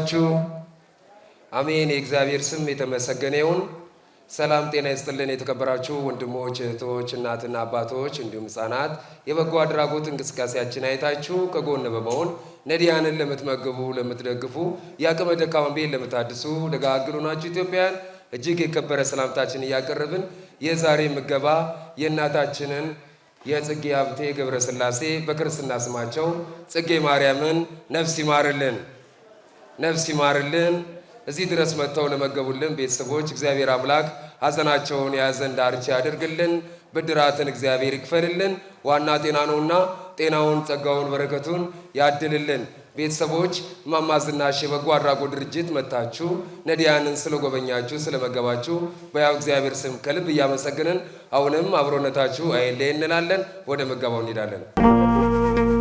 ናችሁ? አሜን። የእግዚአብሔር ስም የተመሰገነ ይሁን። ሰላም ጤና ይስጥልን። የተከበራችሁ ወንድሞች፣ እህቶች፣ እናትና አባቶች እንዲሁም ህጻናት የበጎ አድራጎት እንቅስቃሴያችን አይታችሁ ከጎን በመሆን ነዲያንን ለምትመግቡ፣ ለምትደግፉ፣ የአቅመ ደካማን ቤት ለምታድሱ ደጋግሉ ናችሁ ኢትዮጵያን እጅግ የከበረ ሰላምታችን እያቀረብን የዛሬ ምገባ የእናታችንን የጽጌ ሀብቴ ገብረስላሴ በክርስትና ስማቸው ጽጌ ማርያምን ነፍስ ይማርልን። ነፍስ ይማርልን። እዚህ ድረስ መጥተው ለመገቡልን ቤተሰቦች እግዚአብሔር አምላክ ሀዘናቸውን የያዘን ዳርቻ ያደርግልን፣ ብድራትን እግዚአብሔር ይክፈልልን። ዋና ጤና ነውና ጤናውን፣ ጸጋውን፣ በረከቱን ያድልልን። ቤተሰቦች ማማዝናሽ የበጎ አድራጎት ድርጅት መታችሁ ነዲያንን ስለጎበኛችሁ ስለመገባችሁ በያው እግዚአብሔር ስም ከልብ እያመሰግንን አሁንም አብሮነታችሁ አይለየን እንላለን። ወደ መገባው እንሄዳለን።